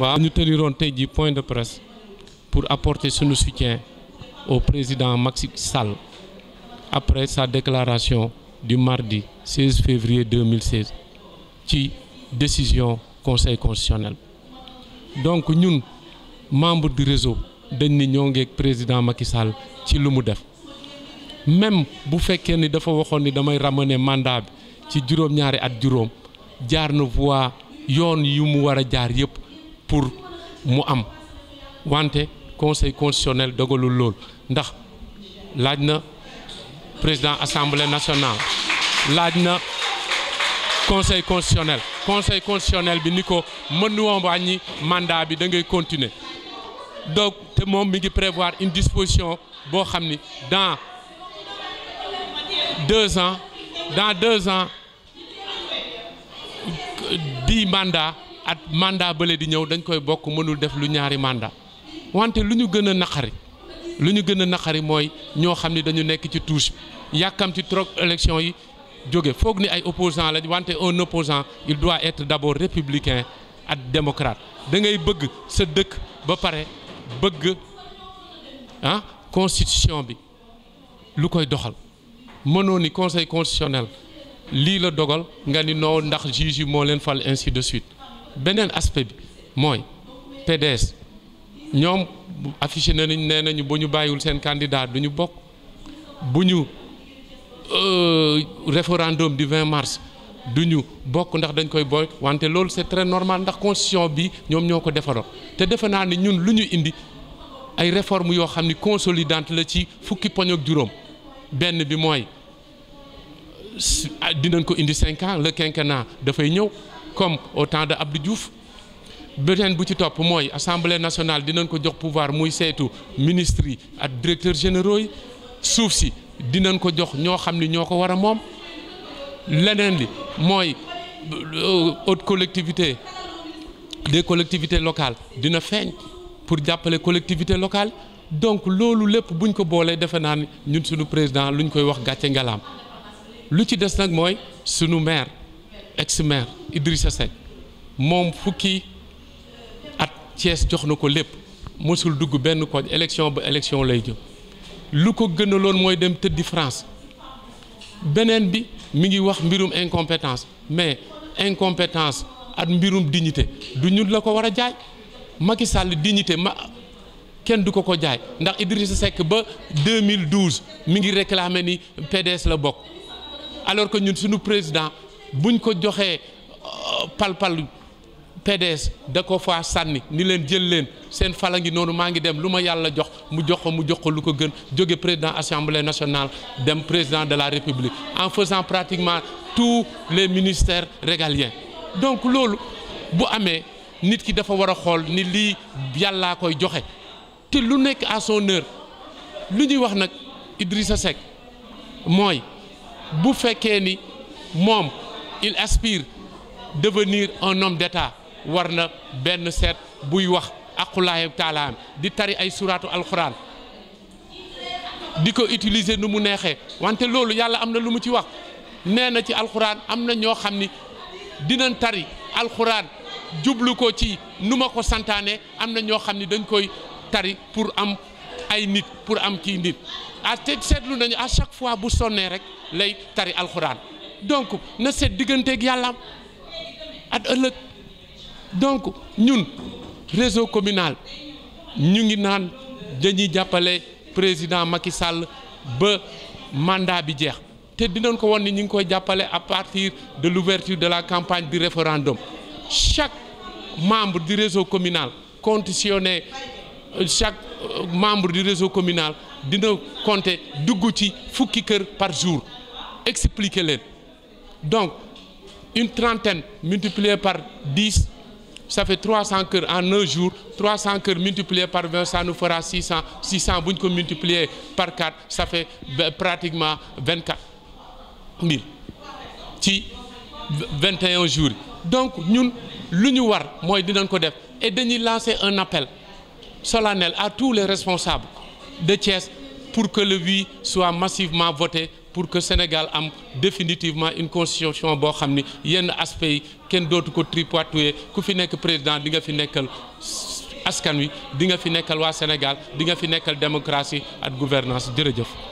waaw ñu tëniroon tey ji point de presse pour apporter suñu soutien au président Macky Sall après sa déclaration di mardi 16 février 2016 ci décision conseil constitutionnel donc ñun membre du réseau dañ ni ñoo ngeeg président Macky Sall ci lu mu def même bu fekkee ni dafa waxoon ni damay ramener mandat bi ci juróom-ñaari at juróom jaar na voie yoon yu mu war a jaar yëpp pour mu am wante conseil constitutionnel dogalul lool ndax laaj na président assemblée nationale laaj na conseil constitutionnel conseil constitutionnel bi ni ko mënuwoon wàññi mandat bi da ngay continuer donc te moom mi ngi prévoir une disposition boo xam ni dans ans dans ans dix mandats at mandat bële di ñëw dañ koy bokk mënul def lu ñaari mandat wante lu ñu gën a naqari lu ñu gën a naqari mooy ñoo xam ni dañu nekk ci touche yàkkamti yàkkam ci trop élection yi jóge foog ni ay opposant lañ wante un opposant il doit être d'abord républicain ak démocrate dangay bëgg sa dëkk ba pare bëgg ah, constitution bi lu koy doxal mënoo ni conseil constitutionnel lii la dogal nga ni noo ndax juge yi moo leen fal ainsi de suite beneen aspect bi mooy PDS ñoom na nañu nee nañu ba ñu bàyyiwul seen candidat du ñu bokk bu ñu euh, référendum du 20 mars du ñu bokk ndax dañ koy boy wante loolu c'est très normal ndax constitution bi ñoom ñoo ko defaroo te defe naa ni ñun lu ñu indi ay réformes yoo xam ni consolidante la ci fukki poñ ak juróom benn bi mooy ah, dinañ ko indi cinq ans le quinquennat dafay ñëw. comme au temps de Abdou Diouf beneen bu ci topp mooy assemblée nationale dinañ ko jox pouvoir muy saytu ministres yi ak directeur généraux yi suuf si dinañ ko jox ñoo xam ni ñoo ko war a moom leneen li mooy euh, haute collectivité des collectivités locales dina feeñ pour jàppale collectivité locale donc loolu lépp buñ ko boolee defe naa ni ñun suñu président luñ koy wax gàcce ngalaam lu ci des nag mooy suñu maire ex maire Idrissa Seck moom fukki at cees jox na ko lépp mosul dugg benn ko élection ba élection lay jëm lu ko gënaloon mooy dem tëddi France beneen bi mi ngi wax mbirum incompétence mais incompétence ak mbirum dignité du ñun la ko war a jaay Macky Sall dignité ma kenn du ko ko jaay ndax Idrissa Seck ba 2012 mi ngi réclamer ni PDS la bokk alors que ñun suñu président. buñ ko joxee euh, palpal PDS da ko faa sànni ni leen jël leen seen fala ngi noonu maa ngi dem lu ma yàlla jox mu jox ko mu jox ko lu ko gën jóge président assemblée nationale dem président de la république en faisant pratiquement tous les ministères régaliens donc loolu bu amee nit ki dafa war a xool ni lii yàllaa koy joxe te lu nekk à son lu ñuy wax nag Idrissa Seck mooy bu fekkee ni moom il aspire devenir un homme d'État war na benn seet buy wax aqulaahi taalaam di tari ay suraatu alxuraan di ko utiliser nu mu neexee wante loolu yàlla am na lu mu ci wax nee na ci alxuraan am na ñoo xam ni dinañ tari alxuraan jublu ko ci nu ma ko santaane am na ñoo xam ni dañ koy tari pour am ay nit pour am kii nit ah te seetlu nañu à chaque fois bu sonnee rek lay tari alxuraan. donc na seet digganteeg yàlla at ëllëg donc ñun réseau communal ñu ngi naan dañuy jàppale président Macky Sall ba mandat bi jeex te dinañ ko won ni ñu ngi koy jàppale à partir de l'ouverture de la campagne du référendum chaque membre di réseau communal conditionné euh, chaque euh, membre di réseau communal dina compter dugg ci fukki kër par jour expliquer leen donc une trentaine multiplier par 10 ça fait 300 kër en un jour 300 kër multiplié par nu ça nous fera 600 600 bu ñu ko multiplier par 4 ça fait pratiquement 24 000 ci 21 jours donc ñun lu ñu war mooy dinañ ko def et dañuy lancer un appel solennel à tous les responsables de Thiès pour que le oui soit massivement voté pour que Sénégal am définitivement une constitution boo xam ni yenn aspect yi kenn dootu ko tripatouiller ku fi nekk président di nga fi nekkal askan wi di nga fi nekkal waa Sénégal di nga fi nekkal démocratie ak gouvernance jërëjëf